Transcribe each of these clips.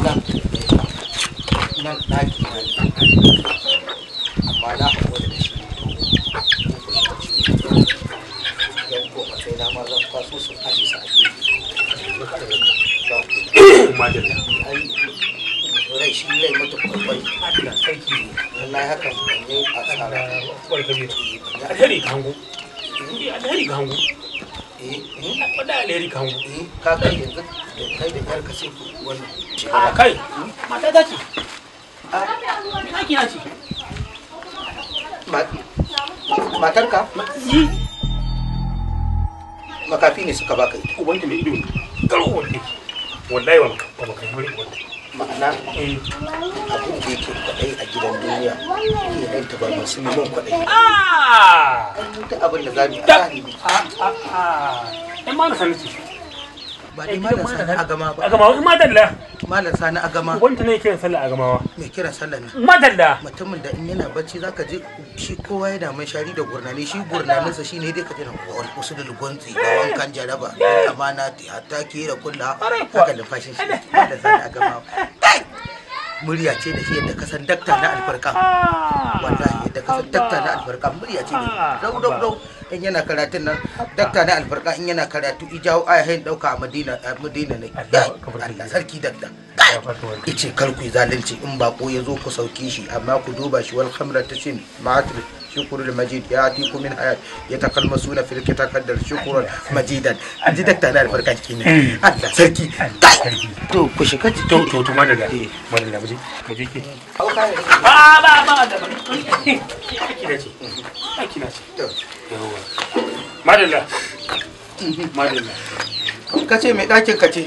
nan nan ɗaki na na sai na shi Wadda eh, eh, alheri kan eh, Ka kai yanzu kai da yarka ku wannan. A kai mata Matarka? Yi. Makafi ne suka baka Ubanta mai ido ne. Wallahi wani wanda. ma'ana eh, abin da yake kwaɗai a gidan duniya ke nan ta barbar su neman kwaɗai ah! duk abin da a ɗan ah, ah, ba dai malam agama ba agama eh, malam sani agama wanda ne kiran sallah agamawa mai kiran sallah ne madalla mutumin da in yana bacci zaka je shi kowa ya damun shari da gurnani shi gurnaninsa shi shine dai ka na kowar kusa da lugonzi da eh. wankan jaraba amana hatta ke da kulla haka lufashin shi malam sani agama murya ce da shi yadda ka san dakta na alfarka wallahi yadda ka san dakta na alfarka murya ce da dau dau dau in yana karatun nan dakta na alfarka in yana karatu ijawo aya hayin dauka a madina a madina ne Allah sarki dakta ice kar ku zalunci in bako ya zo ku sauke shi amma ku duba shi wal khamra tasin ma'atul shukurul majid ya ti kumin ya takalma suna fil kitakaddar shukurul majidan ta da farka cikin ne Allah sarki to ku da ba ki da ce ki na ce to yawa madalla madalla ka ce mai ɗakin ka ce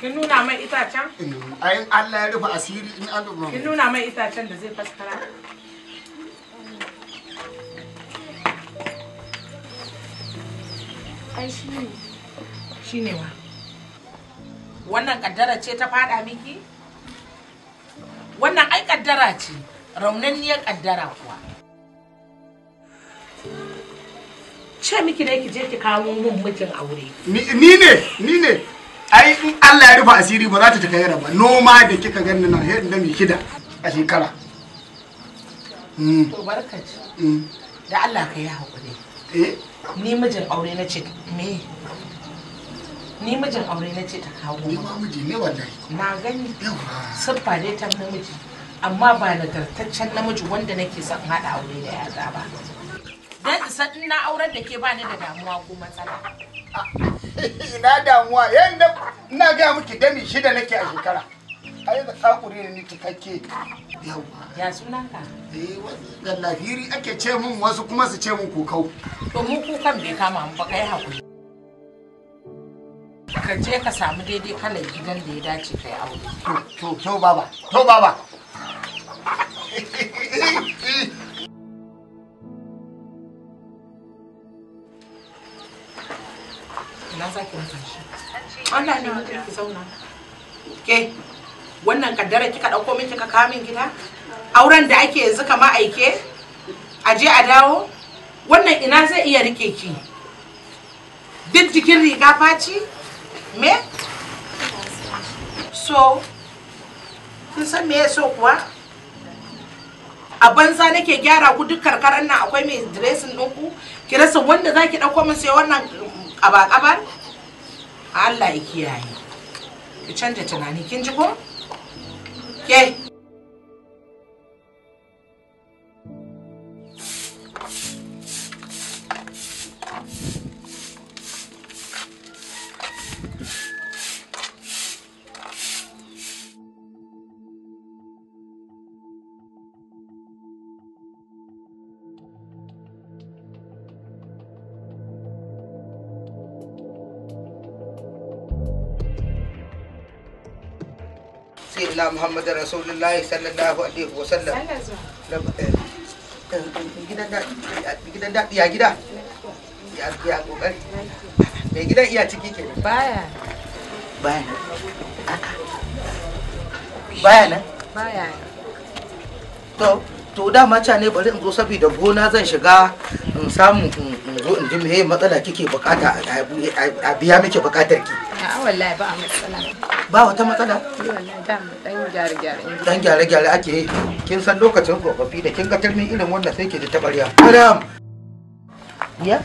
Kin nuna mai itacen? Ayin Allah ya rufe asiri in an rufe. Kin nuna mai itacen da zai faskara? Ai shi ne. Shi ne wa. Wannan kaddara ce ta fada miki? Wannan ai kaddara ce, raunanniyar kaddara kuwa. Ce miki dai ki je ki kawo mun mijin aure. Ni ne, ni ne. ai in Allah ya rufa asiri ba za ta takayyara ba noma da kika gani nan sai da mai kida a shekara hmm. to barkaci hmm. da Allah ka yi hakuri eh ni mijin aure na ce me ni mijin aure na ce ta hawo ni ma miji ne wallahi na gani siffa dai ta namiji amma ba nagartaccen namiji wanda nake son hada aure da yata ba dan san ina auren da ke bani da damuwa ko matsala ah, ina damuwa yanda ina ga miki dami shida nake a shekara ai da kakure ne ni cikakke yawa ya sunanka eh ga lafiri ake ce mun wasu kuma su ce mun kokau to mu kukan bai kama mu ba kai hakuri ka je ka samu daidai kalar gidan da ya dace kai aure to to to baba to baba Allah ne ki ki zauna ke wannan kaddara kika dauko min kika kawo min gida auren da ake yanzu kama aike a je a dawo wannan ina zai iya rike ki duk jikin riga faci me so kun san me so kuwa a banza nake gyara ku duk karkarar nan akwai mai dressing dinku ki rasa wanda zaki ɗauko min sai wannan ƙaba-ƙabar Allah ya kiyaye ki canza tunani kin ji ko ke ila muhammad rasulullahi sallallahu alaihi wasallam eh, eh, eh, gidan daɗi ya gida ya kokari mai gidan iya ciki ke baya baya baya nan baya to to da ca ne bari in zo saboda gona zan shiga in samu in zo in ji me matsala kike bukata a biya miki bukatar ki a wallahi ba a matsala ba wata matsala dan gyare gyare ake yi kin san lokacin tsofaffi da kin ga turmi irin wannan sai ke da tabariya madam ya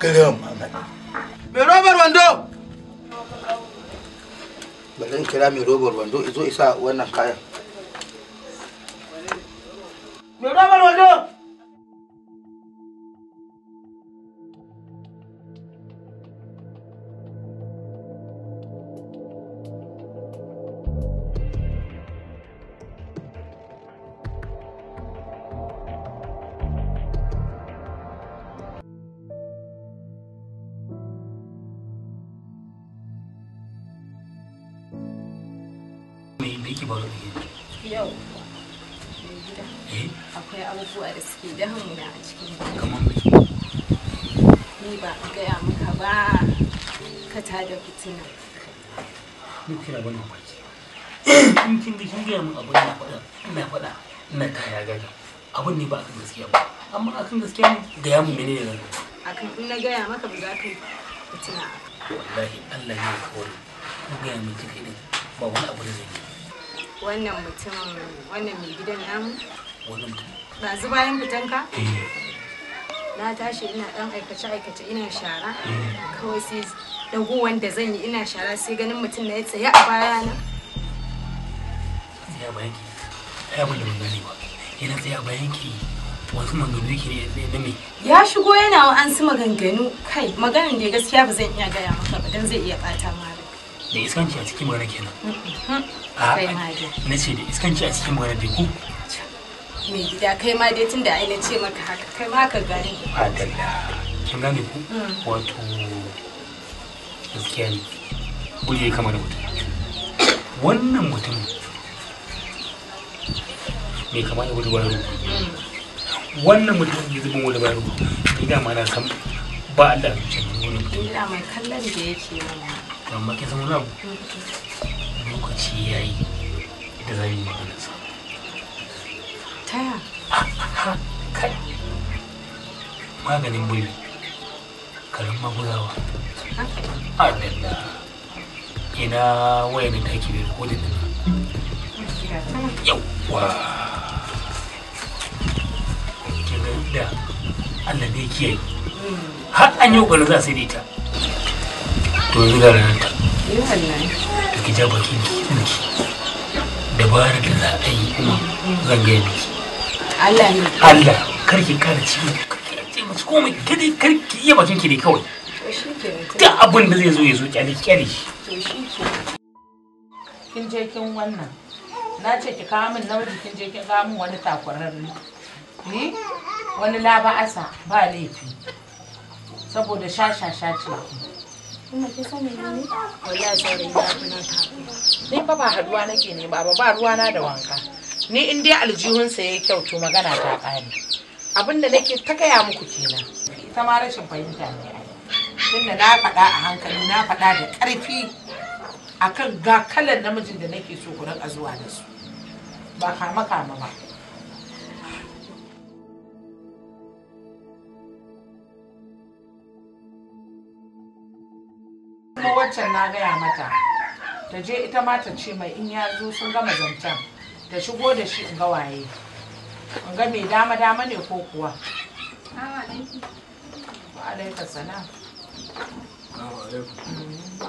garin magana mai robar wando bari in kira mai robar wando izo isa wannan kayan mai robar wando me ne eh? akwai abubuwa da suke damuna a cikin ni ba a gaya maka ba ka fitina ni in kin ga gaya min abin na faɗa ina faɗa ina kaya gaga abin ne ba akan gaskiya ba amma akan gaskiya gaya min menene ne akan in na gaya maka ba za ka yi fitina wallahi Allah ne kawai ku gaya min kika ba wani abu da zai yi wannan mutum wannan mai gidan namu ba zu bayan fitanka eh. na tashi ina dan aikace aikace ina shara eh. kawai sai dago wanda zan yi ina shara sai ganin mutum na ya tsaye a baya na tsaya bayan ki ai abin da ba yana tsaya bayan ki wasu maganganu yake ne na me ya shigo yana wa an su maganganu kai maganin da gaskiya ba zan iya gaya maka ba dan zai iya bata ma da iskanci a cikin magana kenan mm-hmm. a na ce da iskanci a cikin magana biku mai gida kai ma dai tun da ai ce maka haka kai ma haka gani a dalla kin gane ku mm. wato gaskiya ne buje kama da mutum wannan mutum mai kama da wani wani mm. wannan mutum da zubin wani wani wani wani na wani ba Allah ya wani wani wani wani wani wani wani wani wani amma ke san wani abu lokaci ya yi da za mu yi magana sa kai maganin bulli karin magulawa a dalla ina waya ne da bai ko da yawwa kenan da allah ne kiyaye hmm. har an yi ƙwarar za su yi to yanzu ga ranar ta da ki ja baki ki dabara da za a yi zan gaya miki Allah ne Allah kar ki kara ci masu komai kada kar ki iya bakin ki ne kawai da abin da zai zo ya zo kyale kyale kin je kin wannan na ce ki kawo min namiji kin je kin kawo min wani takwararre ni eh? wani laba asa ba laifi saboda shashasha ce ne? na Ni ba ba haduwa nake ne ba ba ruwa na da wanka. Ni in dai aljihunsa yayi kyau to magana ta kare. Abin da nake ta gaya muku kenan. Ita ma rashin fahimta ne ai. Tunda na faɗa a hankali na faɗa da ƙarfi akan ga kalan namijin da nake so ku rinka zuwa da su. Ba kama kama ba. kuma waccan na gaya mata ta je ita ma ta ce mai in ya zo sun gama zancen ta shigo da shi in ga waye in ga mai dama dama ne ko kuwa wa alaikar salam mm,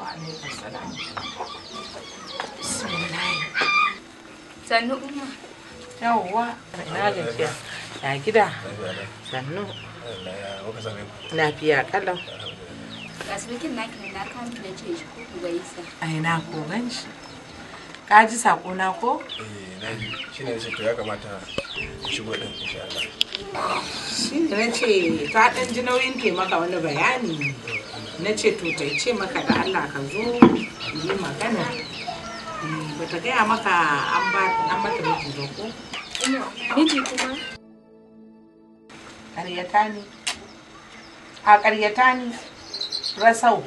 sannu umma yawwa na gajiya ya gida sannu lafiya asibitin na kai na kan da ce shi ko ku gaisa ai na ko gan shi ka ji sako na ko eh na ji shine sai to ya kamata ku shigo din insha Allah shi ne nace ta dan ji nauyin ke maka wani bayani nace to tai ce maka da Allah ka zo yi magana eh, ba ta gaya maka an ba an mata miji ba ko miji kuma ƙaryata ne a ƙaryata ne rasau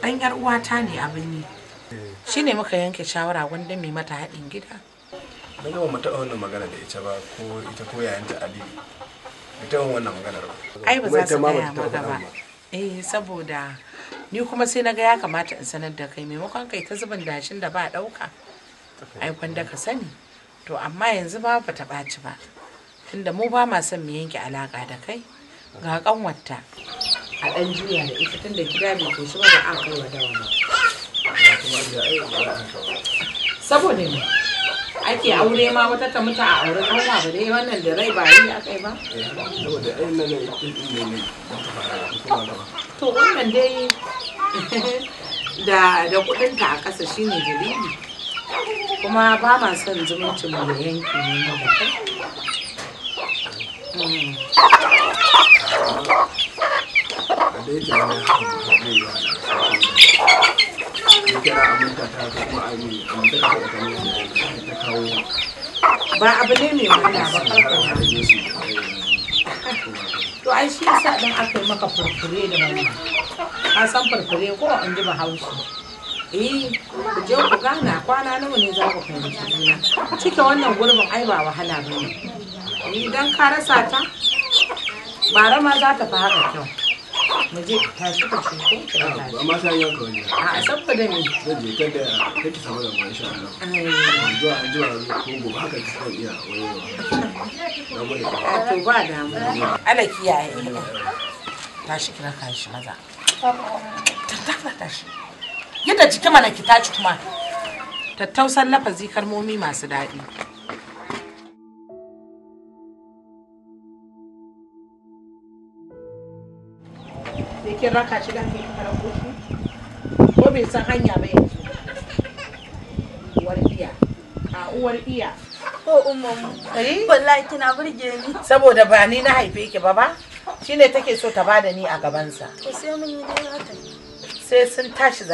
dan yar uwata ne abin yi shine muka yanke shawara wanda mai mata haɗin gida don mu mata wannan magana da ita ba ko ita ko yayanta ali ita wannan maganar ba ai ba za su gaya maka ba eh saboda ni kuma sai na ga ya kamata in sanar da kai maimakon kai ta zubin dashin da ba ɗauka ai kwanda ka sani to amma yanzu ba ba ta ɓaci ba tunda mu ba ma son mu yanke alaka da kai ga kanwarta a dan jiya da ita tunda gida bai ke da ba a kai wa dawa ba saboda ne ake aure ma wata ta muta a aure kanwa ba dai wannan da rai ba yi a kai ba saboda ai nan ne to wannan dai da da kudinta a ƙasa shine dalili kuma ba ma son zumuncin mu yanki ne ba ba abu ne mai wahala ba to ai shi yasa dan aka yi maka furfure da wani ka san furfure ko an ji bahaushe eh ku je ku gana kwana nawa ne za ku fahimci juna cike wannan gurbin ai ba wahala ba ne idan ka rasa ta bara ma za ta fara kyau mu je ta shi ta shi ko amma sai ya ka wani a saboda ni zan je kada kake samu da mai insha Allah zuwa zuwa ko go haka ki san iya wani eh, to ba da mu ala kiyaye ta shi kira ka shi maza ta ta ta shi yadda jiki mana ki ci kuma tattausan lafazi kalmomi masu daɗi da kin raka shi da kai kara koshi ko bai san hanya ba yanzu uwar iya a uwar iya ko umman eh? wallahi kina burge ni saboda ba ni na haife ki ba ba shine take so ta bada ni a gabansa to sai mun yi dai haka sai sun tashi